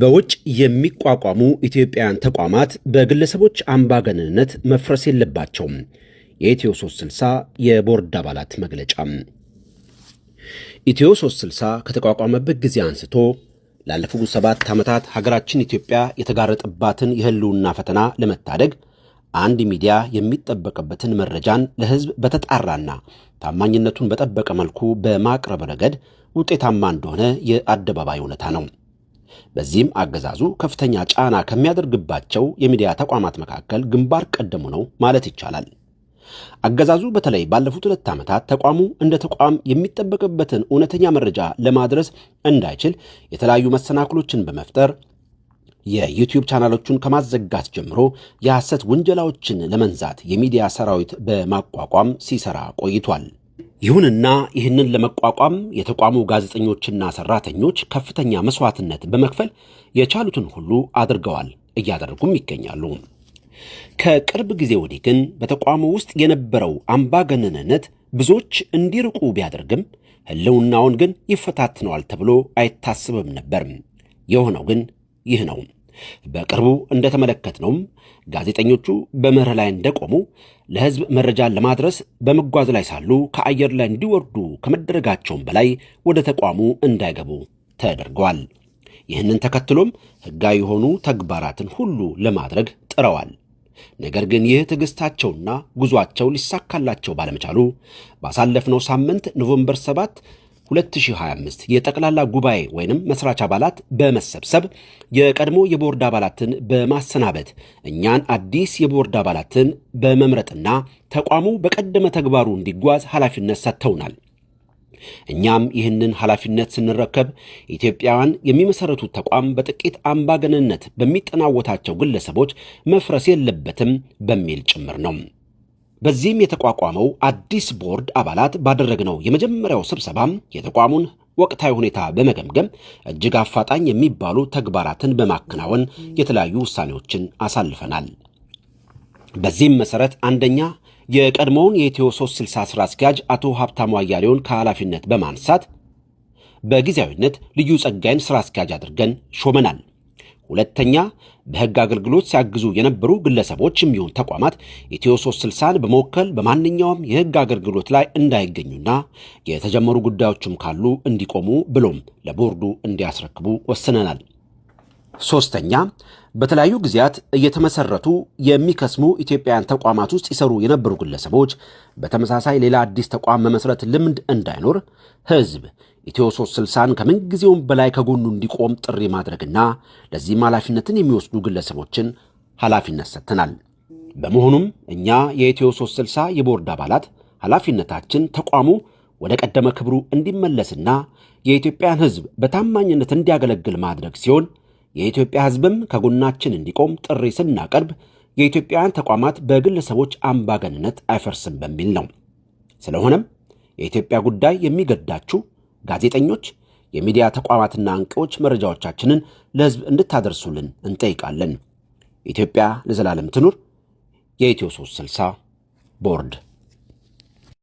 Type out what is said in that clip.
በውጭ የሚቋቋሙ ኢትዮጵያውያን ተቋማት በግለሰቦች አምባገነንነት መፍረስ የለባቸውም። የኢትዮ 360 የቦርድ አባላት መግለጫ። ኢትዮ 360 ከተቋቋመበት ጊዜ አንስቶ ላለፉት ሰባት ዓመታት ሀገራችን ኢትዮጵያ የተጋረጠባትን የህልውና ፈተና ለመታደግ አንድ ሚዲያ የሚጠበቅበትን መረጃን ለህዝብ በተጣራና ታማኝነቱን በጠበቀ መልኩ በማቅረብ ረገድ ውጤታማ እንደሆነ የአደባባይ እውነታ ነው። በዚህም አገዛዙ ከፍተኛ ጫና ከሚያደርግባቸው የሚዲያ ተቋማት መካከል ግንባር ቀደሙ ነው ማለት ይቻላል። አገዛዙ በተለይ ባለፉት ሁለት ዓመታት ተቋሙ እንደ ተቋም የሚጠበቅበትን እውነተኛ መረጃ ለማድረስ እንዳይችል የተለያዩ መሰናክሎችን በመፍጠር የዩቲዩብ ቻናሎቹን ከማዘጋት ጀምሮ የሐሰት ውንጀላዎችን ለመንዛት የሚዲያ ሰራዊት በማቋቋም ሲሰራ ቆይቷል። ይሁንና ይህንን ለመቋቋም የተቋሙ ጋዜጠኞችና ሰራተኞች ከፍተኛ መስዋዕትነት በመክፈል የቻሉትን ሁሉ አድርገዋል፣ እያደረጉም ይገኛሉ። ከቅርብ ጊዜ ወዲህ ግን በተቋሙ ውስጥ የነበረው አምባገነንነት ብዙዎች እንዲርቁ ቢያደርግም ህልውናውን ግን ይፈታትነዋል ተብሎ አይታስብም ነበርም። የሆነው ግን ይህ ነው። በቅርቡ እንደተመለከትነውም ጋዜጠኞቹ በመርህ ላይ እንደቆሙ ለሕዝብ መረጃን ለማድረስ በመጓዝ ላይ ሳሉ ከአየር ላይ እንዲወርዱ ከመደረጋቸውም በላይ ወደ ተቋሙ እንዳይገቡ ተደርገዋል። ይህንን ተከትሎም ሕጋዊ የሆኑ ተግባራትን ሁሉ ለማድረግ ጥረዋል። ነገር ግን ይህ ትዕግሥታቸውና ጉዟቸው ሊሳካላቸው ባለመቻሉ ባሳለፍነው ሳምንት ኖቨምበር 7 2025 የጠቅላላ ጉባኤ ወይንም መስራች አባላት በመሰብሰብ የቀድሞ የቦርድ አባላትን በማሰናበት እኛን አዲስ የቦርድ አባላትን በመምረጥና ተቋሙ በቀደመ ተግባሩ እንዲጓዝ ኃላፊነት ሰጥተውናል። እኛም ይህንን ኃላፊነት ስንረከብ ኢትዮጵያውያን የሚመሰረቱት ተቋም በጥቂት አምባገነነት በሚጠናወታቸው ግለሰቦች መፍረስ የለበትም በሚል ጭምር ነው። በዚህም የተቋቋመው አዲስ ቦርድ አባላት ባደረግነው የመጀመሪያው ስብሰባም የተቋሙን ወቅታዊ ሁኔታ በመገምገም እጅግ አፋጣኝ የሚባሉ ተግባራትን በማከናወን የተለያዩ ውሳኔዎችን አሳልፈናል። በዚህም መሰረት አንደኛ የቀድሞውን የኢትዮ 360 ስራ አስኪያጅ አቶ ሀብታሙ አያሌውን ከኃላፊነት በማንሳት በጊዜያዊነት ልዩ ጸጋይን ስራ አስኪያጅ አድርገን ሾመናል። ሁለተኛ በህግ አገልግሎት ሲያግዙ የነበሩ ግለሰቦች የሚሆን ተቋማት ኢትዮ 360ን በመወከል በማንኛውም የህግ አገልግሎት ላይ እንዳይገኙና የተጀመሩ ጉዳዮችም ካሉ እንዲቆሙ ብሎም ለቦርዱ እንዲያስረክቡ ወስነናል። ሶስተኛ በተለያዩ ጊዜያት እየተመሰረቱ የሚከስሙ ኢትዮጵያውያን ተቋማት ውስጥ ይሰሩ የነበሩ ግለሰቦች በተመሳሳይ ሌላ አዲስ ተቋም መመስረት ልምድ እንዳይኖር ህዝብ ኢትዮ 360ን ከምንጊዜውም በላይ ከጎኑ እንዲቆም ጥሪ ማድረግና ለዚህም ኃላፊነትን የሚወስዱ ግለሰቦችን ኃላፊነት ሰጥተናል። በመሆኑም እኛ የኢትዮ 360 የቦርድ አባላት ኃላፊነታችን ተቋሙ ወደ ቀደመ ክብሩ እንዲመለስና የኢትዮጵያን ህዝብ በታማኝነት እንዲያገለግል ማድረግ ሲሆን የኢትዮጵያ ሕዝብም ከጎናችን እንዲቆም ጥሪ ስናቀርብ የኢትዮጵያውያን ተቋማት በግለሰቦች አምባገንነት አይፈርስም በሚል ነው። ስለሆነም የኢትዮጵያ ጉዳይ የሚገዳችሁ ጋዜጠኞች፣ የሚዲያ ተቋማትና አንቂዎች መረጃዎቻችንን ለሕዝብ እንድታደርሱልን እንጠይቃለን። ኢትዮጵያ ለዘላለም ትኑር! የኢትዮ 360 ቦርድ